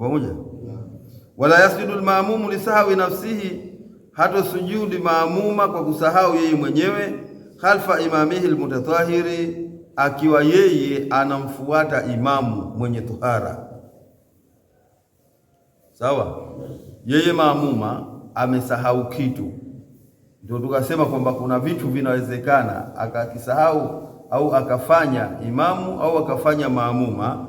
pamoja? Wala yasjudu lmaamumu lisahwi nafsihi, hata sujudi maamuma kwa kusahau yeye mwenyewe. Khalfa imamihi lmutatahiri, akiwa yeye anamfuata imamu mwenye tuhara. Sawa, yeye maamuma amesahau kitu, ndio tukasema kwamba kuna vitu vinawezekana akakisahau au akafanya imamu au akafanya maamuma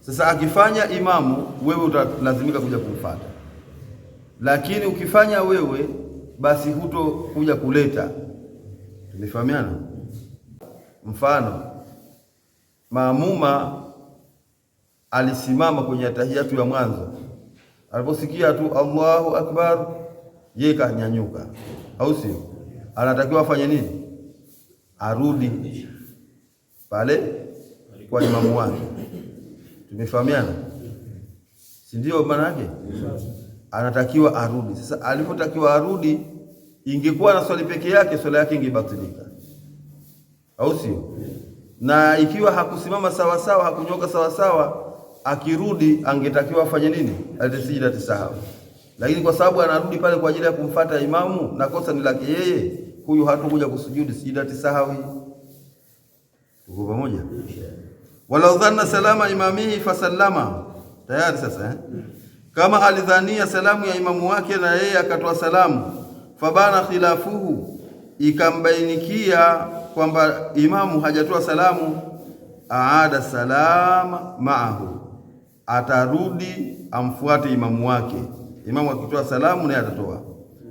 sasa akifanya imamu, wewe utalazimika kuja kumfuata, lakini ukifanya wewe, basi huto kuja kuleta. Tumefahamiana? Mfano, maamuma alisimama kwenye tahiyatu ya mwanzo, aliposikia tu Allahu akbar, yeye kanyanyuka, au sio? Anatakiwa afanye nini? Arudi pale kwa imamu wake Tumefahamiana, si ndio? Maana yake anatakiwa arudi. Sasa alipotakiwa arudi, ingekuwa na swali peke yake, swala yake ingebatilika, au sio? Na ikiwa hakusimama sawa, hakunyoka sawasawa, akirudi angetakiwa afanye nini? Altisijidati tisahau. Lakini kwa sababu anarudi pale kwa ajili ya kumfata imamu na kosa ni lake yeye, huyu hatokuja kusujudi sijida tisahau. Tuko pamoja? walau dhanna salama imamihi fasallama, tayari sasa eh? Kama alidhania salamu ya imamu wake na yeye akatoa salamu, fabana khilafuhu, ikambainikia kwamba imamu hajatoa salamu, aada salama maahu, atarudi amfuate imamu wake. Imamu akitoa salamu naye atatoa,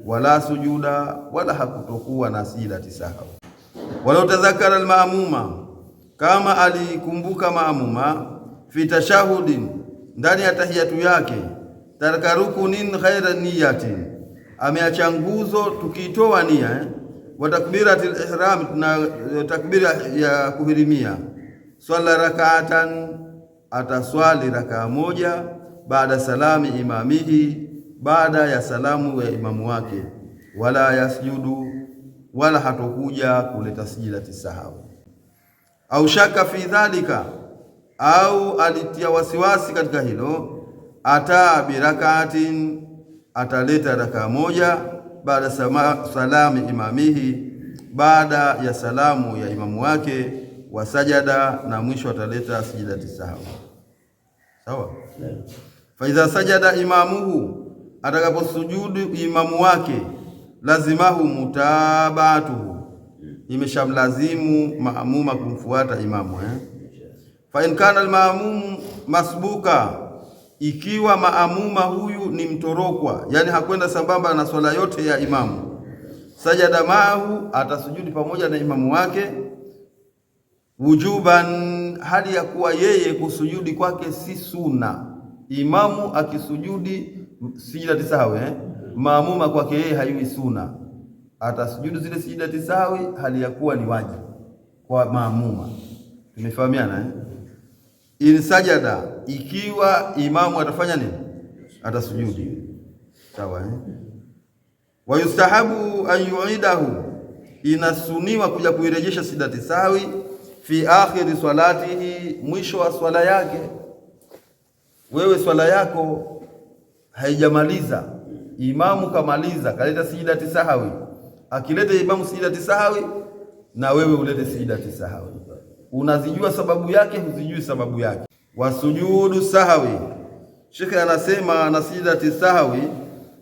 wala sujuda, wala hakutokuwa na sijida tisahau, walau tadhakara almaamuma kama alikumbuka maamuma fi tashahudin, ndani ya tahiyatu yake, taraka rukunin ghaira niyatin, ameacha nguzo tukiitoa nia eh? wa takbirati ihram, na eh, takbira ya kuhirimia. Swala rakaatan, ataswali rakaa moja, baada salami imamihi, baada ya salamu ya imamu wake. Wala yasjudu, wala hatokuja kuleta sijidati sahawi au shaka fi dhalika, au alitia wasiwasi katika hilo, ataa birakatin, ataleta rakaa moja baada salami imamihi, baada ya salamu ya imamu wake, wasajada, na mwisho ataleta sijidati sahwi. Sawa, fa idha sajada imamuhu, atakaposujudu imamu wake, lazimahu mutabaatuhu imeshamlazimu maamuma kumfuata imamu eh? fa in kana almaamumu masbuka, ikiwa maamuma huyu ni mtorokwa, yani hakwenda sambamba na swala yote ya imamu, sajada maahu, atasujudi pamoja na imamu wake wujuban, hali ya kuwa yeye kusujudi kwake si suna Imamu akisujudi sijida eh? maamuma kwake yeye hayui suna atasujudu zile sijidati tisawi hali ya kuwa ni wajibu kwa maamuma. Tumefahamiana eh? In sajada, ikiwa imamu atafanya nini? Atasujudu sawa eh? Wayustahabu an yuidahu, inasuniwa kuja kuirejesha sijidati tisawi fi akhiri swalatihi, mwisho wa swala yake. Wewe swala yako haijamaliza, imamu kamaliza, kaleta sijida tisawi akileta imamu sijidati sahawi, na wewe ulete sijidati sahawi. Unazijua sababu yake, huzijui sababu yake. Wasujudu sahawi, shekhe anasema na sijidati sahawi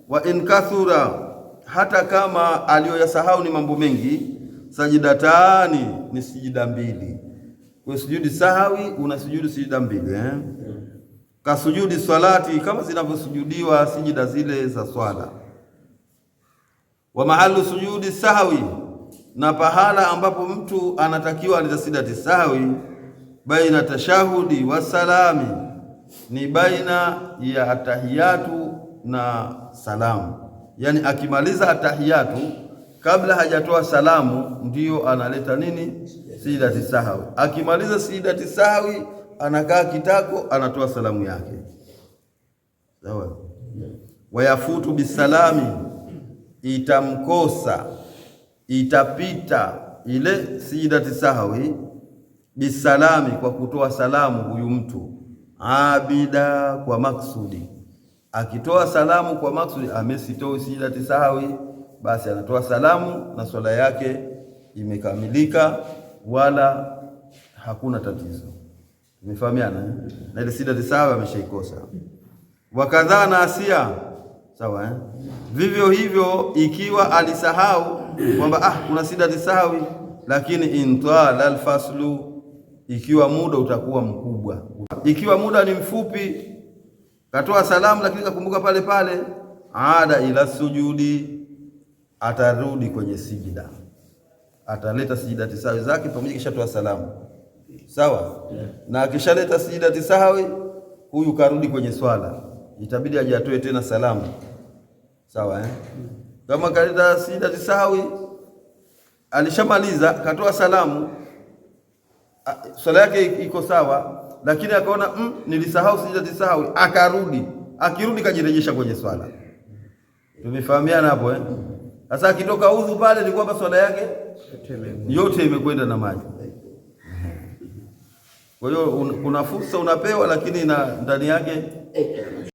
wa in kathura, hata kama aliyoyasahau ni mambo mengi, sajidatani ni sijida mbili. Kwa sujudi sahawi una sujudu sijida mbili eh? Kasujudi swalati, kama zinavyosujudiwa sijida zile za swala wa mahalu sujudi sahawi na pahala ambapo mtu anatakiwa sidati sahawi baina tashahudi wa salami, ni baina ya atahiyatu na salamu, yaani akimaliza atahiyatu kabla hajatoa salamu ndiyo analeta nini, sidati sahawi Akimaliza sijidati sahawi anakaa kitako, anatoa salamu yake sawa, wayafutu bisalami itamkosa itapita ile sijidati sahwi bisalami, kwa kutoa salamu huyu mtu abida, kwa maksudi. Akitoa salamu kwa maksudi, amesitoi sijidati sahwi, basi anatoa salamu na swala yake imekamilika, wala hakuna tatizo. Tumefahamiana eh? na ile sidati sahwi ameshaikosa. wakadhaa na asia Sawa eh? Vivyo hivyo ikiwa alisahau kwamba ah, kuna sida zisahawi, lakini intala alfaslu, ikiwa muda utakuwa mkubwa, ikiwa muda ni mfupi, katoa salamu lakini kakumbuka pale pale, ada ila sujudi, atarudi kwenye sijida, ataleta sijida tisawi zake pamoja, kisha toa salamu sawa, yeah. na akishaleta sijida tisawi, huyu karudi kwenye swala itabidi ajatoe tena salamu, sawa eh? Kama kaleta sida tisawi, alishamaliza katoa salamu, swala yake iko sawa, lakini akaona mm, nilisahau sida tisawi, akarudi. Akirudi kajirejesha kwenye swala. Tumefahamiana hapo eh? Sasa akitoka udhu pale ni kwamba swala yake yote imekwenda na maji. Kwa hiyo kuna fursa unapewa, lakini na ndani yake